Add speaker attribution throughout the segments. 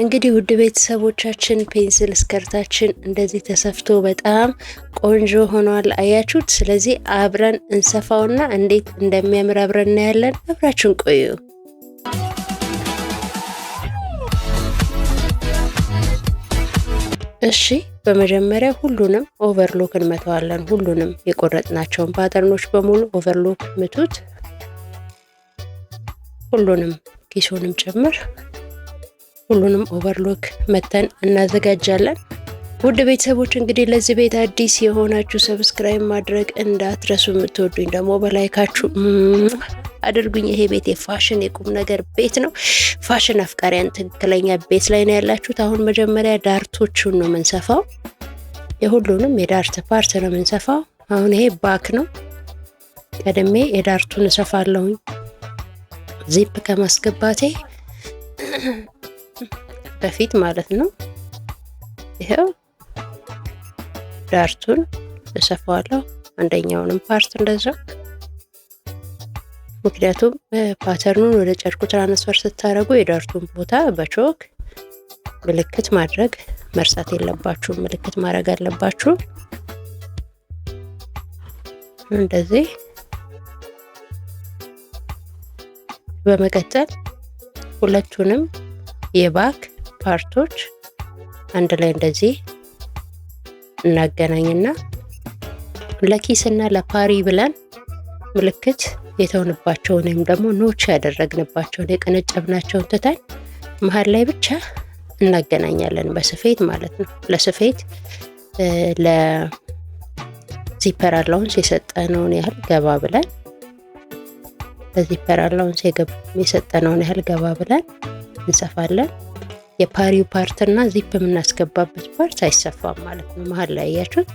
Speaker 1: እንግዲህ ውድ ቤተሰቦቻችን ፔንስል እስከርታችን እንደዚህ ተሰፍቶ በጣም ቆንጆ ሆኗል። አያችሁት? ስለዚህ አብረን እንሰፋውና እንዴት እንደሚያምር አብረን እናያለን። አብራችን ቆዩ። እሺ በመጀመሪያ ሁሉንም ኦቨርሎክ እንመተዋለን። ሁሉንም የቆረጥናቸውን ፓተርኖች በሙሉ ኦቨርሎክ ምቱት፣ ሁሉንም ኪሶንም ጭምር ሁሉንም ኦቨርሎክ መተን እናዘጋጃለን። ውድ ቤተሰቦች እንግዲህ ለዚህ ቤት አዲስ የሆናችሁ ሰብስክራይብ ማድረግ እንዳትረሱ። የምትወዱኝ ደግሞ በላይካችሁ አድርጉኝ። ይሄ ቤት የፋሽን የቁም ነገር ቤት ነው። ፋሽን አፍቃሪያን ትክክለኛ ቤት ላይ ነው ያላችሁት። አሁን መጀመሪያ ዳርቶቹን ነው የምንሰፋው። የሁሉንም የዳርት ፓርት ነው የምንሰፋው። አሁን ይሄ ባክ ነው። ቀድሜ የዳርቱን እሰፋለሁኝ ዚፕ ከማስገባቴ በፊት ማለት ነው። ይኸው ዳርቱን እሰፋዋለሁ። አንደኛውንም ፓርት እንደዛው ምክንያቱም ፓተርኑን ወደ ጨርቁ ትራንስፈር ስታደርጉ የዳርቱን ቦታ በቾክ ምልክት ማድረግ መርሳት የለባችሁ። ምልክት ማድረግ አለባችሁ። እንደዚህ በመቀጠል ሁለቱንም የባክ ፓርቶች አንድ ላይ እንደዚህ እናገናኝና ለኪስ እና ለፓሪ ብለን ምልክት የተውንባቸውን ወይም ደግሞ ኖች ያደረግንባቸውን የቀነጨብናቸውን ትተን መሀል ላይ ብቻ እናገናኛለን በስፌት ማለት ነው። ለስፌት ለዚፐር አላውንስ የሰጠነውን ያህል ገባ ብለን ለዚፐር አላውንስ የሰጠነውን ያህል ገባ ብለን እንሰፋለን። የፓሪው ፓርት እና ዚፕ የምናስገባበት ፓርት አይሰፋም ማለት ነው። መሀል ላይ ያያችሁት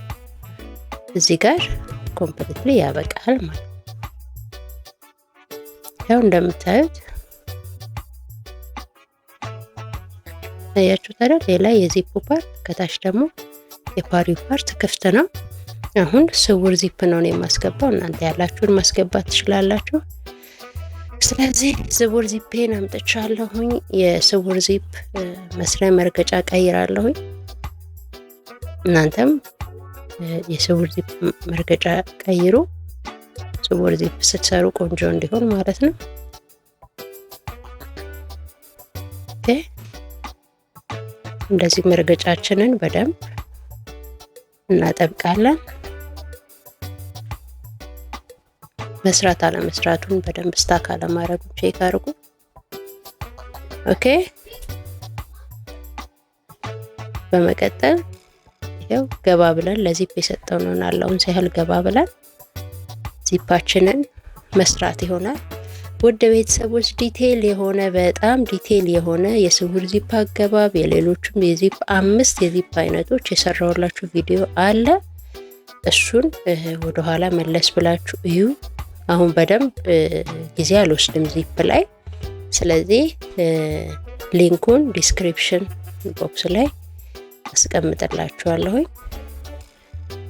Speaker 1: እዚህ ጋር ኮምፕሊትሊ ያበቃል ማለት ነው። ያው እንደምታዩት ያችሁ አይደል? ሌላ የዚፕ ፓርት ከታች ደግሞ የፓሪው ፓርት ክፍት ነው። አሁን ስውር ዚፕ ነው የማስገባው። እናንተ ያላችሁን ማስገባት ትችላላችሁ። ስለዚህ ስውር ዚፔን አምጥቻለሁኝ። የስውር ዚፕ መስሪያ መርገጫ ቀይራለሁኝ። እናንተም የስውር ዚፕ መርገጫ ቀይሩ። ስውር ዚፕ ስትሰሩ ቆንጆ እንዲሆን ማለት ነው። እንደዚህ መርገጫችንን በደንብ እናጠብቃለን። መስራት አለመስራቱን በደንብ ስታክ አለማድረጉ ቼክ አድርጉ። ኦኬ። በመቀጠል ይኸው ገባ ብለን ለዚፕ የሰጠነውን አለውን ሲያህል ገባ ብለን ዚፓችንን መስራት ይሆናል። ውድ ቤተሰቦች ዲቴይል የሆነ በጣም ዲቴይል የሆነ የስውር ዚፕ አገባብ የሌሎችም የዚፕ አምስት የዚፕ አይነቶች የሰራውላችሁ ቪዲዮ አለ። እሱን ወደኋላ መለስ ብላችሁ እዩ። አሁን በደንብ ጊዜ አልወስድም ዚፕ ላይ። ስለዚህ ሊንኩን ዲስክሪፕሽን ቦክስ ላይ አስቀምጥላችኋለሁኝ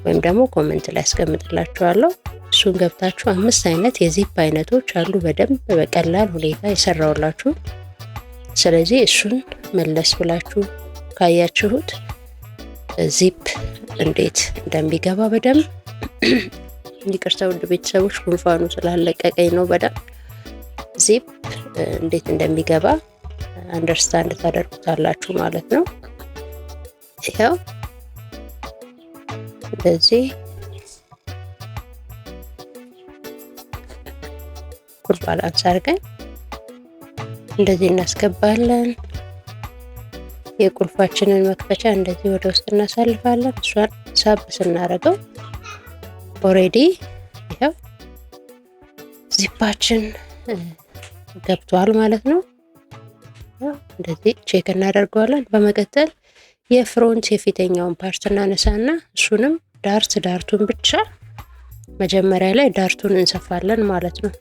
Speaker 1: ወይም ደግሞ ኮመንት ላይ አስቀምጥላችኋለሁ። እሱን ገብታችሁ አምስት አይነት የዚፕ አይነቶች አሉ በደንብ በቀላል ሁኔታ የሰራውላችሁ። ስለዚህ እሱን መለስ ብላችሁ ካያችሁት ዚፕ እንዴት እንደሚገባ በደንብ ይቅርታ ውድ ቤተሰቦች ጉንፋኑ ስላለቀቀኝ ነው። በደንብ ዚፕ እንዴት እንደሚገባ አንደርስታንድ ታደርጉታላችሁ ማለት ነው። ይኸው እንደዚህ ቁልቋል አድርገን እንደዚህ እናስገባለን። የቁልፋችንን መክፈቻ እንደዚህ ወደ ውስጥ እናሳልፋለን። እሷን ሳብ ስናደርገው ኦሬዲ ያው ዚፓችን ገብቷል ማለት ነው። እንደዚህ ቼክ እናደርገዋለን። በመቀጠል የፍሮንት የፊተኛውን ፓርት እናነሳና እሱንም ዳርት ዳርቱን ብቻ መጀመሪያ ላይ ዳርቱን እንሰፋለን ማለት ነው።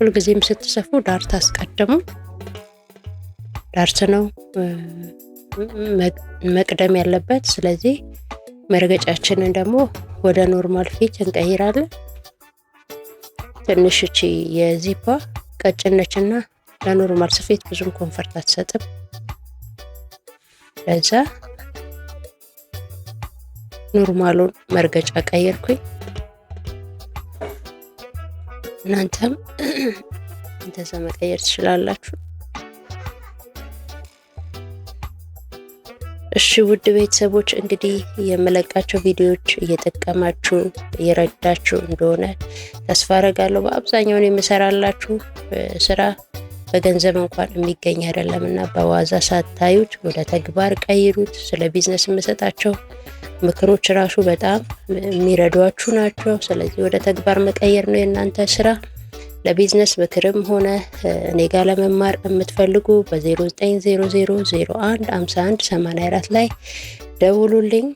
Speaker 1: ሁልጊዜም ስትሰፉ ዳርት አስቀድሙ። ዳርት ነው መቅደም ያለበት። ስለዚህ መርገጫችንን ደግሞ ወደ ኖርማል ፊት እንቀይራለን። ትንሽ እቺ የዚፓ ቀጭነች እና ለኖርማል ስፌት ብዙም ኮንፈርት አትሰጥም። ለዛ ኖርማሉን መርገጫ ቀየርኩኝ። እናንተም እንደዛ መቀየር ትችላላችሁ። እሺ ውድ ቤተሰቦች እንግዲህ የምለቃቸው ቪዲዮዎች እየጠቀማችሁ እየረዳችሁ እንደሆነ ተስፋ አረጋለሁ። በአብዛኛውን የምሰራላችሁ ስራ በገንዘብ እንኳን የሚገኝ አይደለም እና በዋዛ ሳታዩት ወደ ተግባር ቀይሩት። ስለ ቢዝነስ የምሰጣቸው ምክሮች ራሱ በጣም የሚረዷችሁ ናቸው። ስለዚህ ወደ ተግባር መቀየር ነው የእናንተ ስራ። ለቢዝነስ ምክርም ሆነ እኔ ጋር ለመማር የምትፈልጉ በ 84 ላይ ደውሉልኝ።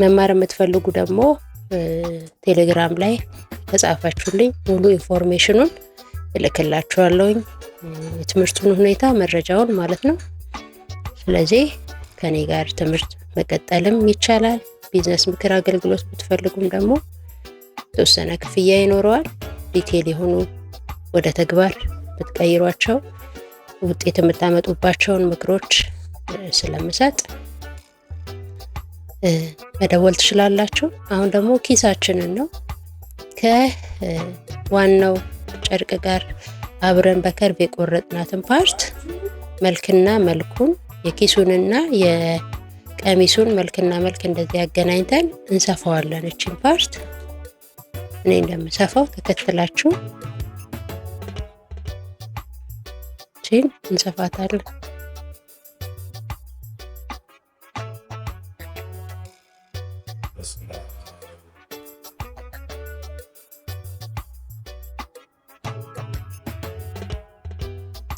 Speaker 1: መማር የምትፈልጉ ደግሞ ቴሌግራም ላይ ተጻፋችሁልኝ ሙሉ ኢንፎርሜሽኑን እልክላችኋለሁኝ። የትምህርቱን ሁኔታ መረጃውን ማለት ነው። ስለዚህ ከኔ ጋር ትምህርት መቀጠልም ይቻላል። ቢዝነስ ምክር አገልግሎት ብትፈልጉም ደግሞ የተወሰነ ክፍያ ይኖረዋል። ዲቴል የሆኑ ወደ ተግባር ብትቀይሯቸው ውጤት የምታመጡባቸውን ምክሮች ስለምሰጥ መደወል ትችላላችሁ። አሁን ደግሞ ኪሳችንን ነው ከዋናው ጨርቅ ጋር አብረን በከርብ የቆረጥናትን ፓርት መልክና መልኩን የኪሱንና የቀሚሱን መልክና መልክ እንደዚህ ያገናኝተን እንሰፋዋለን እችን ፓርት እኔ እንደምሰፋው ተከትላችሁ ቼን እንሰፋታለን።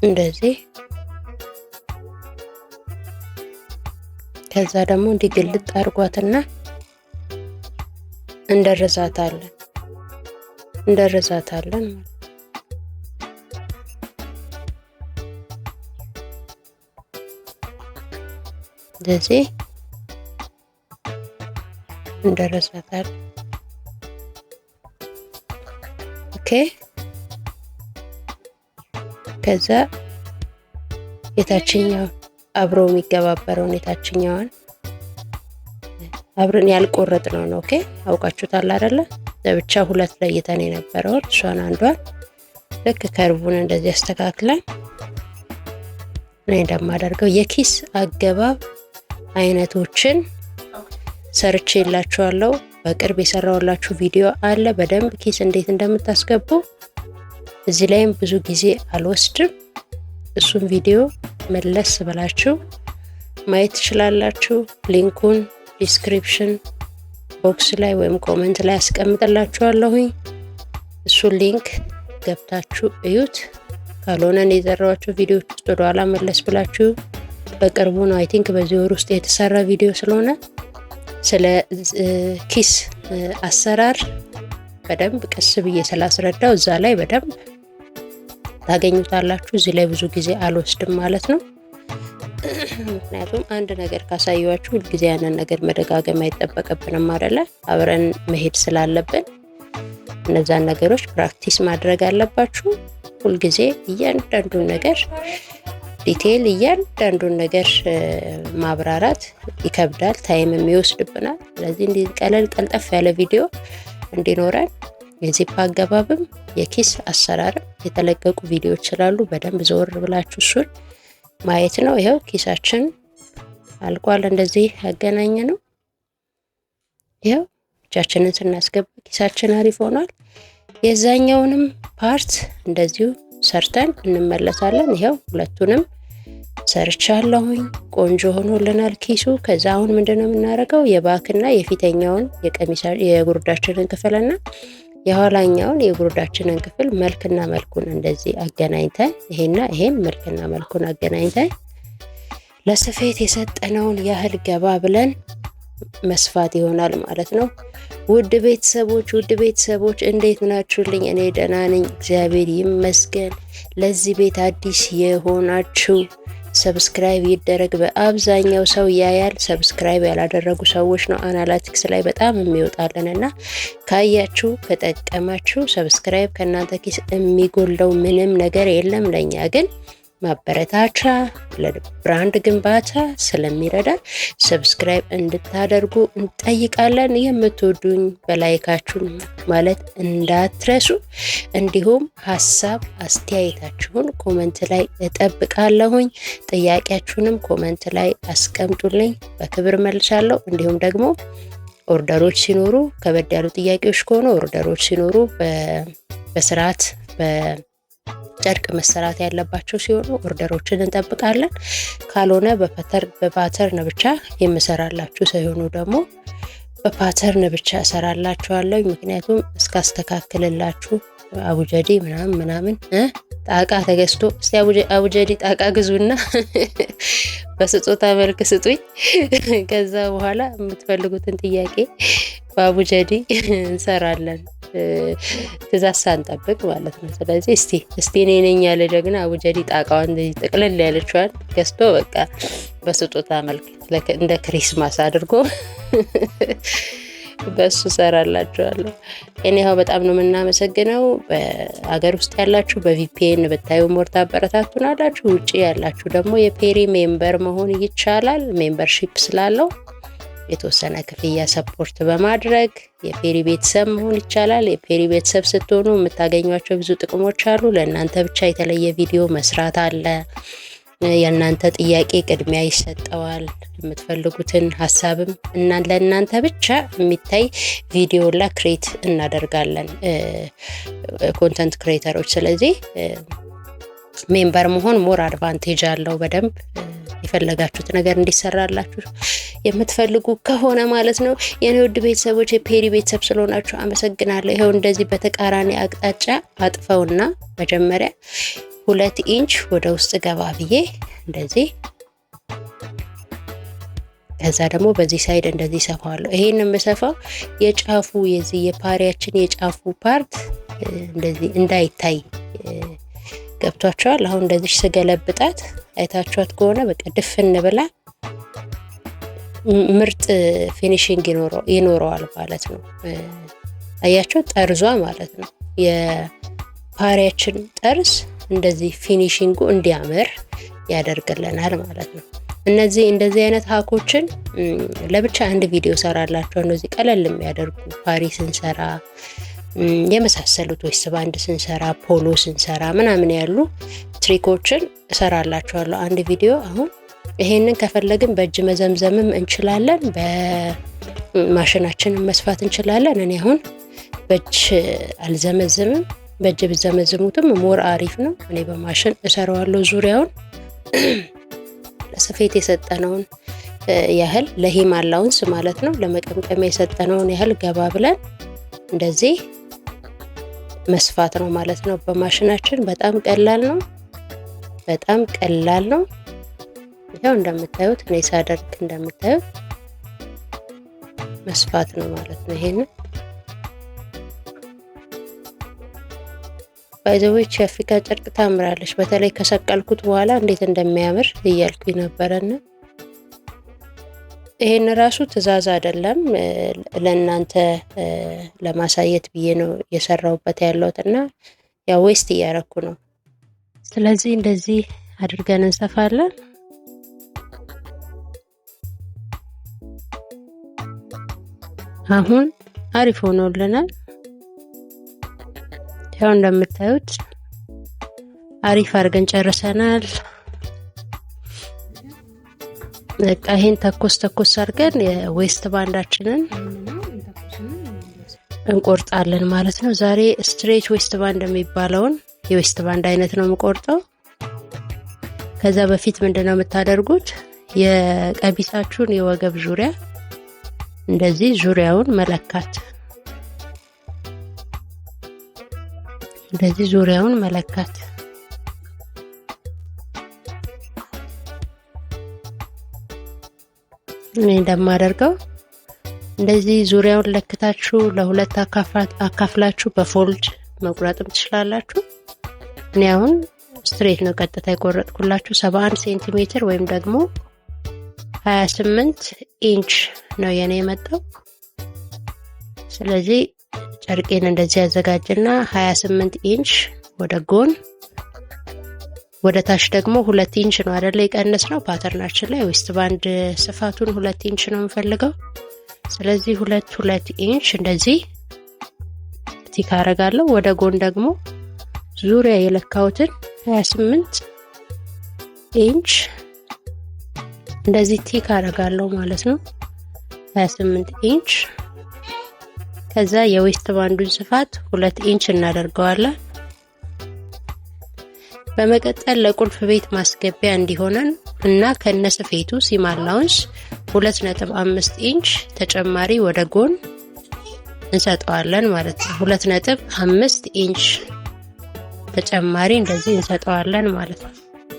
Speaker 1: እንደዚህ ከዛ ደግሞ እንዲህ ግልጥ አድርጓትና አለን። እንደረዛታለን ማለት ነው። እንደዚህ እንደረዛታለን። ኦኬ ከዛ የታችኛው አብሮ የሚገባበረውን የታችኛዋን አብረን ያልቆረጥ ነው ነው። ኦኬ አውቃችሁታል አይደለም? ብቻ ሁለት ለይተን የነበረውን እሷን አንዷን ልክ ከርቡን እንደዚህ አስተካክለን እኔ እንደማደርገው የኪስ አገባብ አይነቶችን ሰርቼ የላችኋለሁ። በቅርብ የሰራውላችሁ ቪዲዮ አለ በደንብ ኪስ እንዴት እንደምታስገቡ። እዚህ ላይም ብዙ ጊዜ አልወስድም። እሱን ቪዲዮ መለስ ብላችሁ ማየት ትችላላችሁ። ሊንኩን ዲስክሪፕሽን ቦክስ ላይ ወይም ኮመንት ላይ አስቀምጥላችኋለሁኝ። እሱን ሊንክ ገብታችሁ እዩት። ካልሆነ እኔ የጠራኋቸው ቪዲዮዎች ውስጥ ወደኋላ መለስ ብላችሁ በቅርቡ ነው አይ ቲንክ በዚህ ወር ውስጥ የተሰራ ቪዲዮ ስለሆነ ስለ ኪስ አሰራር በደንብ ቀስ ብዬ ስላስረዳው እዛ ላይ በደንብ ታገኙታላችሁ። እዚህ ላይ ብዙ ጊዜ አልወስድም ማለት ነው። ምክንያቱም አንድ ነገር ካሳየዋችሁ ሁልጊዜ ያንን ነገር መደጋገም አይጠበቅብንም አደለ አብረን መሄድ ስላለብን እነዛን ነገሮች ፕራክቲስ ማድረግ አለባችሁ። ሁልጊዜ እያንዳንዱን ነገር ዲቴይል፣ እያንዳንዱን ነገር ማብራራት ይከብዳል፣ ታይምም ይወስድብናል። ስለዚህ እንዲህ ቀለል ቀልጠፍ ያለ ቪዲዮ እንዲኖረን የዚፕ አገባብም የኪስ አሰራርም የተለቀቁ ቪዲዮዎች ስላሉ በደንብ ዘወር ብላችሁ እሱን ማየት ነው። ይኸው ኪሳችን አልቋል። እንደዚህ ያገናኘ ነው። ይኸው እጃችንን ስናስገባ ኪሳችን አሪፍ ሆኗል። የዛኛውንም ፓርት እንደዚሁ ሰርተን እንመለሳለን። ይኸው ሁለቱንም ሰርቻለሁኝ። ቆንጆ ሆኖልናል ኪሱ። ከዛ አሁን ምንድነው የምናደርገው? የባክና የፊተኛውን የቀሚሳ የጉርዳችንን ክፍልና የኋላኛውን የጉርዳችንን ክፍል መልክና መልኩን እንደዚህ አገናኝተን ይሄና ይሄን መልክና መልኩን አገናኝተን ለስፌት የሰጠነውን ያህል ገባ ብለን መስፋት ይሆናል ማለት ነው። ውድ ቤተሰቦች ውድ ቤተሰቦች እንዴት ናችሁልኝ? እኔ ደህና ነኝ፣ እግዚአብሔር ይመስገን። ለዚህ ቤት አዲስ የሆናችሁ ሰብስክራይብ ይደረግ። በአብዛኛው ሰው ያያል። ሰብስክራይብ ያላደረጉ ሰዎች ነው አናላቲክስ ላይ በጣም የሚወጣልን እና ካያችሁ ከጠቀማችሁ ሰብስክራይብ ከእናንተ ኪስ የሚጎለው ምንም ነገር የለም። ለእኛ ግን ማበረታቻ ለብራንድ ግንባታ ስለሚረዳን ሰብስክራይብ እንድታደርጉ እንጠይቃለን። የምትወዱኝ በላይካችሁን ማለት እንዳትረሱ። እንዲሁም ሀሳብ አስተያየታችሁን ኮመንት ላይ እጠብቃለሁኝ። ጥያቄያችሁንም ኮመንት ላይ አስቀምጡልኝ፣ በክብር መልሳለሁ። እንዲሁም ደግሞ ኦርደሮች ሲኖሩ ከበድ ያሉ ጥያቄዎች ከሆኑ ኦርደሮች ሲኖሩ በስርዓት ጨርቅ መሰራት ያለባቸው ሲሆኑ ኦርደሮችን እንጠብቃለን። ካልሆነ በፓተርን ብቻ የምሰራላችሁ ሳይሆኑ ደግሞ በፓተርን ብቻ እሰራላችኋለሁ። ምክንያቱም እስካስተካክልላችሁ አቡጀዴ ምናምን ምናምን ጣቃ ተገዝቶ እስቲ አቡጀዲ ጣቃ ግዙና በስጦታ መልክ ስጡኝ። ከዛ በኋላ የምትፈልጉትን ጥያቄ በአቡጀዲ እንሰራለን ትእዛዝ ሳንጠብቅ ማለት ነው። ስለዚህ እስቲ እስቲ እኔ ነኝ ያለ ደግና አቡጀዲ ጣቃዋን ጥቅልል ያለችዋን ገዝቶ በቃ በስጦታ መልክ እንደ ክሪስማስ አድርጎ በእሱ ሰራላችኋለሁ። እኔ በጣም ነው የምናመሰግነው። በሀገር ውስጥ ያላችሁ በቪፒኤን ብታዩ ሞርት አበረታቱን አላችሁ። ውጭ ያላችሁ ደግሞ የፔሪ ሜምበር መሆን ይቻላል። ሜምበርሺፕ ስላለው የተወሰነ ክፍያ ሰፖርት በማድረግ የፔሪ ቤተሰብ መሆን ይቻላል። የፔሪ ቤተሰብ ስትሆኑ የምታገኟቸው ብዙ ጥቅሞች አሉ። ለእናንተ ብቻ የተለየ ቪዲዮ መስራት አለ። የእናንተ ጥያቄ ቅድሚያ ይሰጠዋል። የምትፈልጉትን ሀሳብም እና ለእናንተ ብቻ የሚታይ ቪዲዮ ላ ክሬት እናደርጋለን ኮንተንት ክሬተሮች። ስለዚህ ሜምበር መሆን ሞር አድቫንቴጅ አለው በደንብ የፈለጋችሁት ነገር እንዲሰራላችሁ የምትፈልጉ ከሆነ ማለት ነው። የኔ ውድ ቤተሰቦች የፔሪ ቤተሰብ ስለሆናችሁ አመሰግናለሁ። ይኸው እንደዚህ በተቃራኒ አቅጣጫ አጥፈውና መጀመሪያ ሁለት ኢንች ወደ ውስጥ ገባ ብዬ እንደዚህ ከዛ ደግሞ በዚህ ሳይድ እንደዚህ ሰፋዋለሁ። ይሄን የምሰፋው የጫፉ የዚህ የፓሪያችን የጫፉ ፓርት እንደዚህ እንዳይታይ ገብቷቸዋል። አሁን እንደዚህ ስገለብጣት አይታችኋት ከሆነ በቃ ድፍን ብላ ምርጥ ፊኒሽንግ ይኖረዋል ማለት ነው። አያቸው ጠርዟ ማለት ነው። የፓሪያችን ጠርዝ እንደዚህ ፊኒሽንጉ እንዲያምር ያደርግልናል ማለት ነው። እነዚህ እንደዚህ አይነት ሀኮችን ለብቻ አንድ ቪዲዮ ሰራላቸው። እነዚህ ቀለል የሚያደርጉ ፓሪ ስንሰራ የመሳሰሉት ወይስ ባንድ ስንሰራ፣ ፖሎ ስንሰራ ምናምን ያሉ ትሪኮችን እሰራላችኋለሁ አንድ ቪዲዮ። አሁን ይሄንን ከፈለግን በእጅ መዘምዘምም እንችላለን፣ በማሽናችንን መስፋት እንችላለን። እኔ አሁን በእጅ አልዘመዝምም። በእጅ ብዘመዝሙትም ሞር አሪፍ ነው። እኔ በማሽን እሰራዋለሁ። ዙሪያውን ለስፌት የሰጠነውን ያህል ለሂም ማለት ነው ለመቀምቀሚያ የሰጠነውን ያህል ገባ ብለን እንደዚህ መስፋት ነው ማለት ነው። በማሽናችን በጣም ቀላል ነው። በጣም ቀላል ነው። ይኸው እንደምታዩት እኔ ሳደርግ እንደምታዩት መስፋት ነው ማለት ነው። ይሄን ባይዘዎች የአፍሪካ ጨርቅ ታምራለች። በተለይ ከሰቀልኩት በኋላ እንዴት እንደሚያምር እያልኩኝ ነበረና ይሄን ራሱ ትዕዛዝ አይደለም ለእናንተ ለማሳየት ብዬ ነው እየሰራውበት ያለሁት እና ያው ዌስት እያረኩ ነው። ስለዚህ እንደዚህ አድርገን እንሰፋለን። አሁን አሪፍ ሆኖልናል። ያው እንደምታዩት አሪፍ አድርገን ጨርሰናል። በቃ ይሄን ተኮስ ተኮስ አድርገን የዌስት ባንዳችንን እንቆርጣለን ማለት ነው። ዛሬ ስትሬች ዌስት ባንድ የሚባለውን የዌስት ባንድ አይነት ነው የምቆርጠው። ከዛ በፊት ምንድን ነው የምታደርጉት? የቀቢሳችሁን የወገብ ዙሪያ እንደዚህ ዙሪያውን መለካት፣ እንደዚህ ዙሪያውን መለካት እኔ እንደማደርገው እንደዚህ ዙሪያውን ለክታችሁ ለሁለት አካፍላችሁ በፎልድ መቁረጥም ትችላላችሁ። እኔ አሁን ስትሬት ነው ቀጥታ የቆረጥኩላችሁ። ሰባ ሴንቲሜትር ወይም ደግሞ ሀያ ስምንት ኢንች ነው የኔ የመጣው። ስለዚህ ጨርቄን እንደዚህ ያዘጋጅና ሀያ ስምንት ኢንች ወደ ጎን ወደ ታች ደግሞ ሁለት ኢንች ነው አደለ የቀነስ ነው ፓተርናችን ላይ ዌስት ባንድ ስፋቱን ሁለት ኢንች ነው የምፈልገው። ስለዚህ ሁለት ሁለት ኢንች እንደዚህ ቲክ አረጋለሁ። ወደ ጎን ደግሞ ዙሪያ የለካሁትን 28 ኢንች እንደዚህ ቲክ አረጋለሁ ማለት ነው 28 ኢንች። ከዛ የዌስት ባንዱን ስፋት ሁለት ኢንች እናደርገዋለን። በመቀጠል ለቁልፍ ቤት ማስገቢያ እንዲሆነን እና ከነስፌቱ ስፌቱ ሲም አላውንስ 2.5 ኢንች ተጨማሪ ወደ ጎን እንሰጠዋለን ማለት ነው። 2.5 ኢንች ተጨማሪ እንደዚህ እንሰጠዋለን ማለት ነው።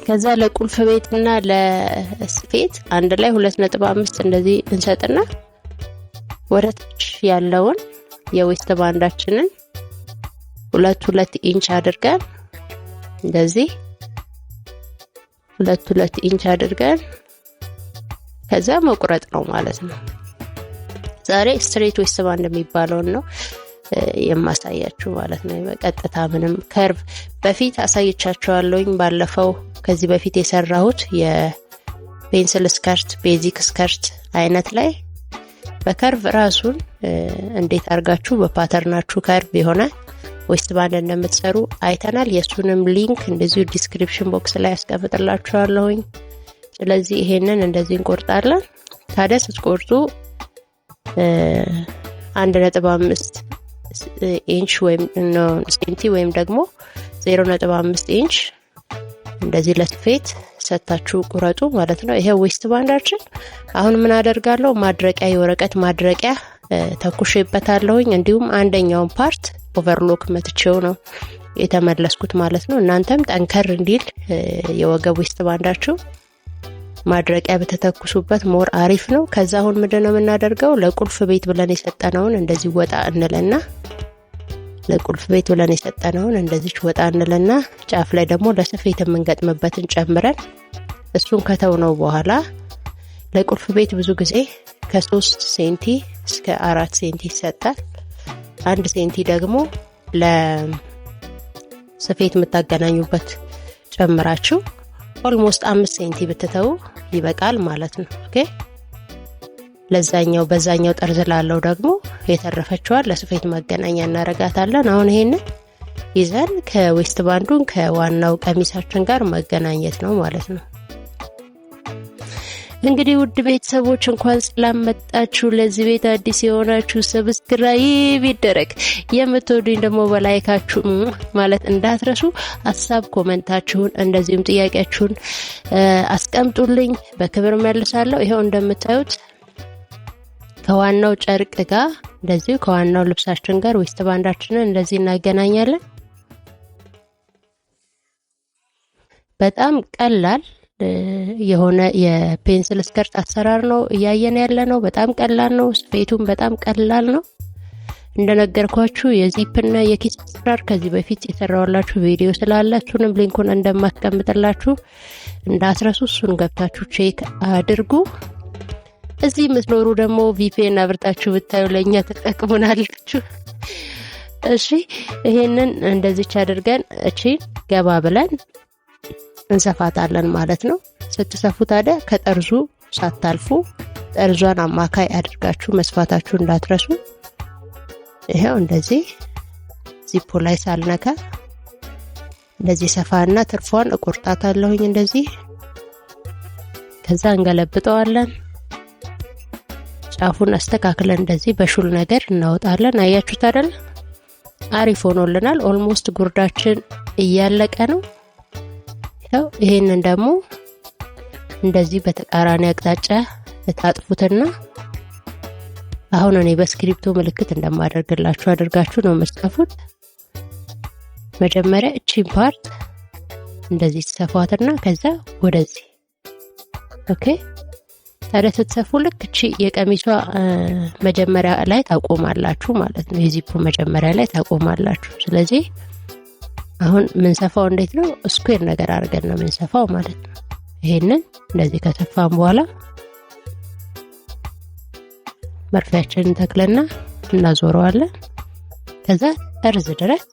Speaker 1: ከዛ ለቁልፍ ቤት እና ለስፌት አንድ ላይ 2.5 እንደዚህ እንሰጥና ወደ ያለውን የዌስት ባንዳችንን ሁለት ሁለት ኢንች አድርገን እንደዚህ ሁለት ሁለት ኢንች አድርገን ከዛ መቁረጥ ነው ማለት ነው። ዛሬ ስትሬት ዌስት ባንድ የሚባለውን ነው የማሳያችሁ ማለት ነው። በቀጥታ ምንም ከርቭ በፊት አሳይቻችኋለሁኝ። ባለፈው ከዚህ በፊት የሰራሁት የፔንስል ስከርት ቤዚክ ስከርት አይነት ላይ በከርቭ ራሱን እንዴት አድርጋችሁ በፓተርናችሁ ከርቭ የሆነ ዌስት ባንድ እንደምትሰሩ አይተናል። የእሱንም ሊንክ እንደዚሁ ዲስክሪፕሽን ቦክስ ላይ ያስቀምጥላችኋለሁኝ። ስለዚህ ይሄንን እንደዚህ እንቆርጣለን። ታዲያ ስትቆርጡ አንድ ነጥብ አምስት ኢንች ወይም ሴንቲ ወይም ደግሞ ዜሮ ነጥብ አምስት ኢንች እንደዚህ ለስፌት ሰታችሁ ቁረጡ ማለት ነው። ይሄ ዌስት ባንዳችን አሁን ምን አደርጋለሁ? ማድረቂያ የወረቀት ማድረቂያ ተኩሼበታለሁኝ። እንዲሁም አንደኛውን ፓርት ኦቨርሎክ መትቼው ነው የተመለስኩት ማለት ነው። እናንተም ጠንከር እንዲል የወገብ ውስጥ ባንዳችሁ ማድረቂያ በተተኩሱበት ሞር አሪፍ ነው። ከዛ አሁን ምንድን ነው የምናደርገው? ለቁልፍ ቤት ብለን የሰጠነውን እንደዚህ ወጣ እንለና ለቁልፍ ቤት ብለን የሰጠነውን እንደዚች ወጣ እንለና ጫፍ ላይ ደግሞ ለስፌት የምንገጥምበትን ጨምረን እሱን ከተው ነው በኋላ ለቁልፍ ቤት ብዙ ጊዜ ከሶስት ሴንቲ እስከ አራት ሴንቲ ይሰጣል። አንድ ሴንቲ ደግሞ ለስፌት የምታገናኙበት ጨምራችሁ ኦልሞስት አምስት ሴንቲ ብትተው ይበቃል ማለት ነው። ኦኬ ለዛኛው በዛኛው ጠርዝ ላለው ደግሞ የተረፈችዋን ለስፌት መገናኛ እናረጋታለን። አሁን ይሄንን ይዘን ከዌስት ባንዱን ከዋናው ቀሚሳችን ጋር መገናኘት ነው ማለት ነው። እንግዲህ ውድ ቤተሰቦች እንኳን ሰላም መጣችሁ። ለዚህ ቤት አዲስ የሆናችሁ ሰብስክራይብ ይደረግ፣ የምትወዱኝ ደግሞ በላይካችሁ ማለት እንዳትረሱ። ሀሳብ ኮመንታችሁን፣ እንደዚሁም ጥያቄያችሁን አስቀምጡልኝ፣ በክብር መልሳለሁ። ይኸው እንደምታዩት ከዋናው ጨርቅ ጋር እንደዚሁ ከዋናው ልብሳችን ጋር ዌስት ባንዳችንን እንደዚህ እናገናኛለን። በጣም ቀላል የሆነ የፔንስል ስከርት አሰራር ነው እያየን ያለ ነው። በጣም ቀላል ነው። ስፌቱም በጣም ቀላል ነው። እንደነገርኳችሁ የዚፕ እና የኪስ አሰራር ከዚህ በፊት የሰራዋላችሁ ቪዲዮ ስላለ እሱንም ሊንኩን እንደማስቀምጥላችሁ እንዳትረሱ። እሱን ገብታችሁ ቼክ አድርጉ። እዚህ የምትኖሩ ደግሞ ቪፒኤን አብርታችሁ ብታዩ ለእኛ ትጠቅሙናላችሁ። እሺ፣ ይሄንን እንደዚች አድርገን እቺ ገባ ብለን እንሰፋታለን ማለት ነው። ስትሰፉ ታዲያ ከጠርዙ ሳታልፉ ጠርዟን አማካይ አድርጋችሁ መስፋታችሁ እንዳትረሱ። ይኸው እንደዚህ ዚፖ ላይ ሳልነካ እንደዚህ ሰፋና ትርፏን እቆርጣታለሁኝ እንደዚህ። ከዛ እንገለብጠዋለን። ጫፉን አስተካክለን እንደዚህ በሹል ነገር እናወጣለን። አያችሁት አይደል? አሪፍ ሆኖልናል። ኦልሞስት ጉርዳችን እያለቀ ነው። ያው ይሄንን ደግሞ እንደዚህ በተቃራኒ አቅጣጫ ታጥፉትና አሁን እኔ በእስክሪብቶ ምልክት እንደማደርግላችሁ አድርጋችሁ ነው መስቀፉት። መጀመሪያ እቺን ፓርት እንደዚህ ትሰፏትና ከዛ ወደዚህ ኦኬ። ታዲያ ስትሰፉ ልክ እቺ የቀሚሷ መጀመሪያ ላይ ታቆማላችሁ ማለት ነው። የዚፑ መጀመሪያ ላይ ታቆማላችሁ። ስለዚህ አሁን ምንሰፋው እንዴት ነው? ስኩዌር ነገር አድርገን ነው ምንሰፋው ማለት ነው። ይሄንን እንደዚህ ከሰፋን በኋላ መርፊያችንን ተክለና እናዞረዋለን። ከዛ እርዝ ድረስ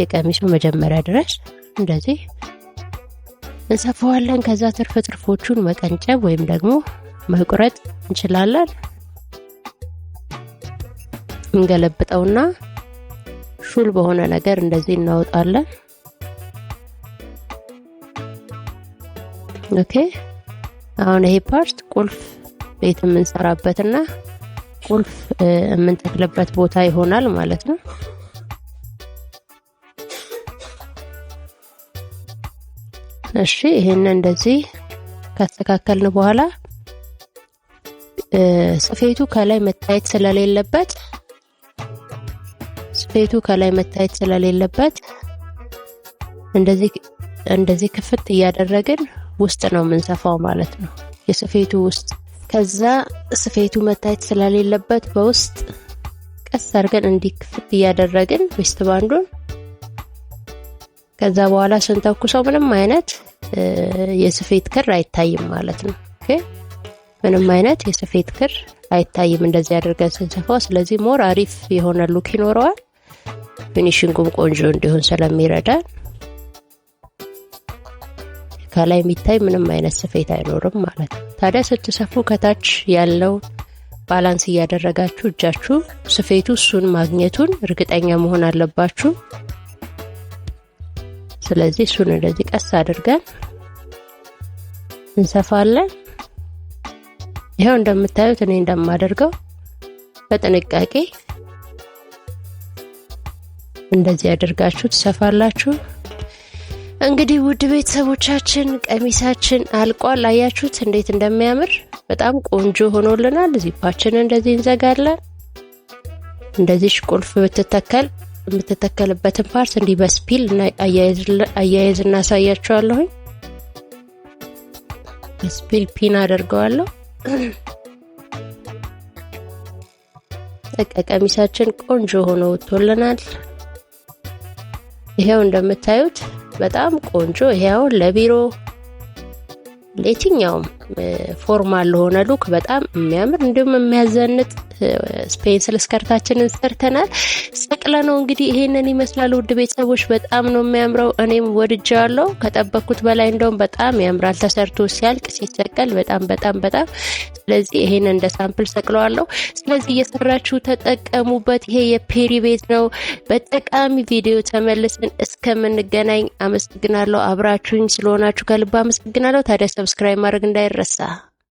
Speaker 1: የቀሚሱ መጀመሪያ ድረስ እንደዚህ እንሰፋዋለን። ከዛ ትርፍ ትርፎቹን መቀንጨብ ወይም ደግሞ መቁረጥ እንችላለን። እንገለብጠውና ሹል በሆነ ነገር እንደዚህ እናወጣለን። ኦኬ አሁን ይሄ ፓርት ቁልፍ ቤት የምንሰራበትና ቁልፍ የምንተክልበት ቦታ ይሆናል ማለት ነው። እሺ ይሄን እንደዚህ ካስተካከልን በኋላ ስፌቱ ከላይ መታየት ስለሌለበት ስፌቱ ከላይ መታየት ስለሌለበት እንደዚህ እንደዚህ ክፍት እያደረግን ውስጥ ነው የምንሰፋው ማለት ነው። የስፌቱ ውስጥ ከዛ ስፌቱ መታየት ስለሌለበት በውስጥ ቀስ አርገን እንዲህ ክፍት እያደረግን ዌስት ባንዱን ከዛ በኋላ ስንተኩሰው ምንም አይነት የስፌት ክር አይታይም ማለት ነው። ምንም አይነት የስፌት ክር አይታይም እንደዚህ አድርገን ስንሰፋው። ስለዚህ ሞር አሪፍ የሆነ ሉክ ይኖረዋል። ፊኒሽንጉም ቆንጆ እንዲሆን ስለሚረዳን ከላይ የሚታይ ምንም አይነት ስፌት አይኖርም ማለት ነው። ታዲያ ስትሰፉ ከታች ያለው ባላንስ እያደረጋችሁ እጃችሁ ስፌቱ እሱን ማግኘቱን እርግጠኛ መሆን አለባችሁ። ስለዚህ እሱን እንደዚህ ቀስ አድርገን እንሰፋለን። ይኸው እንደምታዩት እኔ እንደማደርገው በጥንቃቄ እንደዚህ ያደርጋችሁ ትሰፋላችሁ። እንግዲህ ውድ ቤተሰቦቻችን ቀሚሳችን አልቋል። አያችሁት እንዴት እንደሚያምር በጣም ቆንጆ ሆኖልናል። ዚፓችን እንደዚህ እንዘጋለን። እንደዚህ ቁልፍ ብትተከል የምትተከልበትን ፓርት እንዲህ በስፒል አያይዝ እናሳያችኋለሁኝ። በስፒል ፒን አደርገዋለሁ። ቀሚሳችን ቆንጆ ሆኖ ወጥቶልናል። ይሄው እንደምታዩት በጣም ቆንጆ ይሄው ለቢሮ ለየትኛውም ፎርማል ለሆነ ሉክ በጣም የሚያምር እንዲሁም የሚያዘንጥ ስፔን ስከርታችንን ሰርተናል። ሰቅለ ነው እንግዲህ ይሄንን ይመስላል። ውድ ቤተሰቦች በጣም ነው የሚያምረው። እኔም ወድጃለሁ ከጠበቅኩት በላይ እንደውም በጣም ያምራል። ተሰርቶ ሲያልቅ ሲሰቀል በጣም በጣም በጣም ስለዚህ ይሄን እንደ ሳምፕል ሰቅለዋለሁ። ስለዚህ እየሰራችሁ ተጠቀሙበት። ይሄ የፔሪ ቤት ነው። በጠቃሚ ቪዲዮ ተመልሰን እስከምንገናኝ አመሰግናለሁ። አብራችሁኝ ስለሆናችሁ ከልብ አመሰግናለሁ። ታዲያ ሰብስክራይብ ማድረግ እንዳይረሳ።